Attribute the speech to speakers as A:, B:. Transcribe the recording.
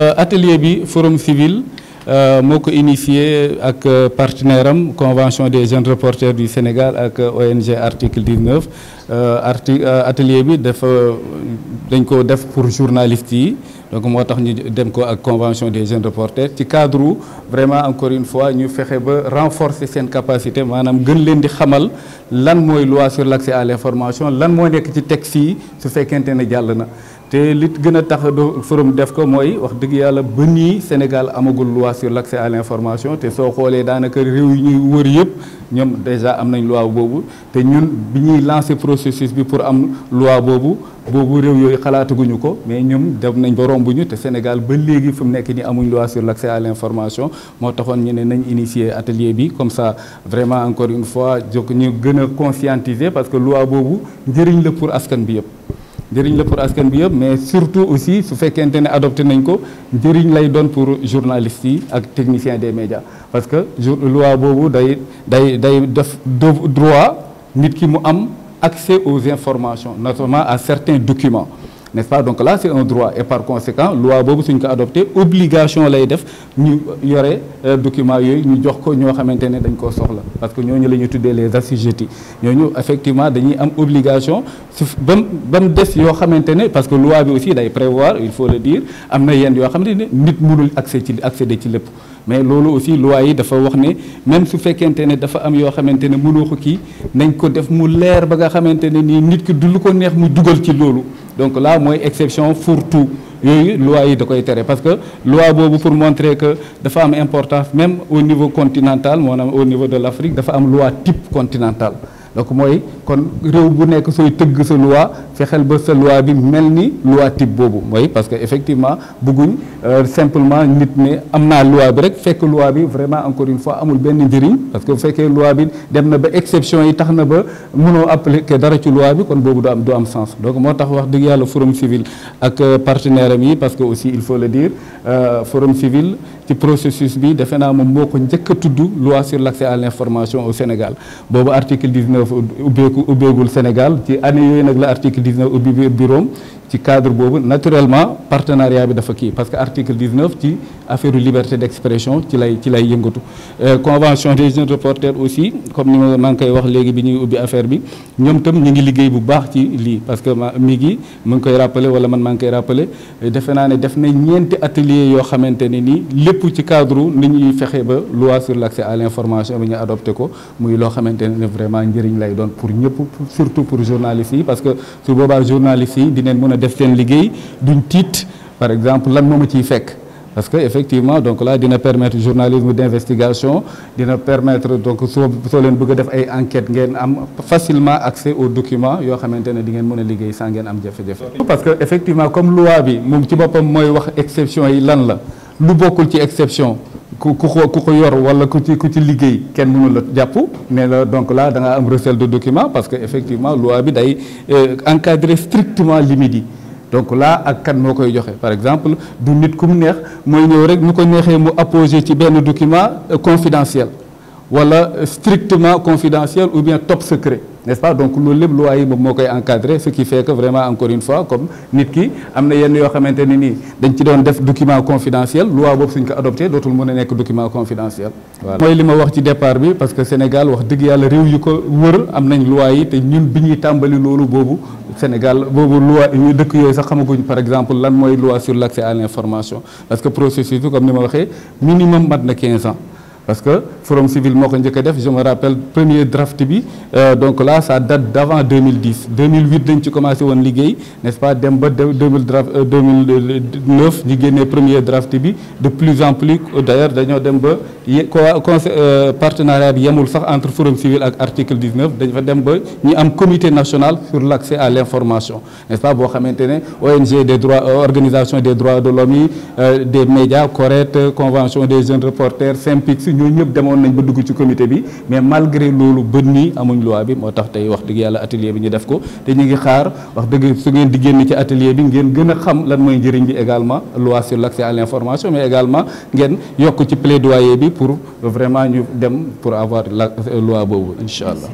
A: Euh, atelier bi forum civil euh, moo ko initié ak euh, partenaire am convention des jeunes reporters du Sénégal ak ONG article 19 arti atelier bi dafa dañ ko def pour journalistes yi donc moo tax ñu dem ko ak convention des jeunes reporters ci cadre vraiment encore une fois ñu fexe ba renforcer seen capacité maanaam gën leen di xamal lan mooy loi sur l'accès à l'information lan moo nekk ci texte yi su fekkente ne jàll na te lit gën a tax do forum def ko mooy wax dëgg yàlla ba nii Sénégal amagul loi sur l' accès à l' information te soo xoolee daanaka réew yi ñuy wër yëpp ñoom déjà am nañ loi boobu te ñun bi ñuy lancé processus bi pour am loi boobu boobu réew yooyu xalaataguñu ko mais ñoom dem nañ ba romb ñu te Sénégal ba léegi fi mu nekk nii amuñ loi sur l' à l' information moo taxoon ñu ne nañ initier atelier bi comme ça vraiment encore une fois jokk ñu gën a conscientiser parce que loi boobu njëriñ la pour askan bi yëpp njëriñ la pour askan bi yëpp mais surtout aussi su fekkente ne adopté nañ ko njëriñ lay doon pour journaliste yi ak technicien des médias parce que loi boobu day day day def droit nit ki mu am accès aux informations notamment à certains documents n'est-ce pas donc là c'est un droit et par conséquent loi boobu suñ ko adopté obligation lay def ñu yore euh, document yooyu ñu jox ko ñoo xamante ne dañ koo soxla parce que ñoo ñu la ñu tuddee les ñoo ñu effectivement dañuy am obligation su ba mu ba mu des yoo xamante ne parce que loi bi aussi day prévoir il faut le dire am na yenn yoo xamante ne nit mënul accès ci accéder ci lépp mais loolu aussi loi yi dafa wax ne même su fekkente ne dafa am yoo xamante ne mënoo ko kii nañ ko def mu leer ba nga xamante ne nii nit ki du lu ko neex mu dugal ci loolu donc là mooy exception pour tout yooyu loi yi da koy tere parce que loi boobu pour montrer que dafa am importance même au niveau continental maanaam au niveau de l'Afrique dafa am loi type continental donc mooy kon réew bu nekk sooy tëgg sa loi fexeel ba sa loi bi mel ni loi type boobu mooy parce que effectivement bëgguñ euh, simplement nit ne am naa loi bi rek fekk loi bi vraiment encore une fois amul benn njëriñ parce que bu fekkee loi bi dem na ba exception yi tax na ba mënoo appliquer dara ci loi bi kon boobu du am am sens donc moo tax wax dëgg yàlla forum civil ak euh, partenaire am yi parce que aussi il faut le dire euh, forum civil ci processus bi defe naa moom moo ko njëkk a tudd loi sur l' à l' information au Sénégal boobu article 19 ubbeeku ubbeegul Sénégal ci année yooyu nag la article 19 ubbi biir bureau ci cadre boobu naturellement partenariat bi dafa kii parce que article 19 ci affaire liberté d'expression ci lay ci lay yëngatu euh, convention des jeunes reporters aussi comme ni ma maa koy wax léegi bi ñuy ubbi affaire bi ñoom tam ñu ngi liggéey bu baax ci lii parce que ma mi ngi mu ngi koy rappelé wala man maa ngi koy rappelé defe naa ne def na ñeenti atelier yoo xamante ni nii lépp ci cadre ni ñuy fexe ba loi sur l'accès à l'information bi ñu adopté ko muy loo xamante ne vraiment njëriñ lay doon pour ñëpp surtout pour journalistes yi def seen liggéey duñ tiit par exemple lan moom ma ciy fekk parce que effectivement donc là dina permettre journalisme d'investigation dina permetre donc soo soo leen bëgg a def ay enquêtes ngeen am facilement accès aux documents yoo xamante ne di ngeen mën a liggéey sans ngeen am jafe-jafe. parce que effectivement comme loi bi moom ci boppam mooy wax exception yi lan la lu bokkul ci exception. ku ku ko ku ko yor wala ku ci ku ci liggéey kenn mënu la jàpp mais la donc là da am recel de document parce que effectivement loi bi day euh, encadrer strictement limite yi donc là ak kan moo koy joxe par exemple du nit ku mu neex mooy ñëw rek mu ko neexee mu apposer ci benn document euh, confidentiel wala strictement confidentiel ou bien top secret n'est-ce pas donc loolu lépp loi yi moom moo koy encadré ce qui fait vraiment encore une fois comme nit ki am na yenn yoo xamante ne nii dañ ci doon def document confidentiel loi boobu suñ ko adopté dootul mën a nekk document confidentiel voilà mooy li ma wax ci départ bi parce que Sénégal wax dëgg yàlla réew yu ko wër am nañ loi yi te ñun bi ñuy tàmbali loolu boobu Sénégal boobu loi ñu dëkk yooyu sax xamaguñ par exemple lan mooy loi sur l'accès à l'information parce que processus bi comme ma waxee minimum mat na 15 ans parce que forum civil moo ko njëkk a def je me rappelle premier draft bi euh, donc là ça date d'avant 2010 ci commencé woon liggéey nest pas dem ba 2000 draft euh, premier draft bi de plus en plus dañoo dem ba euh, yemul sax entre forum civil ak article 19 dañ fa dem ba ñu am comité national sur l'accès à l'information n'est-ce pas boo xamante ne ONG des droits organisation des droits de l'homme yi des médias CORED convention des jeunes reporters SYNPICS ñoo ñëpp demoon nañ ba dugg ci comité bi mais malgré loolu bët nii amuñ loi bi moo tax tey wax dëgg yàlla atelier bi ñu def ko te ñu ngi xaar wax dëgg su ngeen di génn ci atelier bi ngeen gën a xam lan mooy njëriñ bi également loi sur l' accès à l' mais également ngeen yokk ci plaidoyer bi pour vraiment ñu dem pour avoir la loi boobu incha allah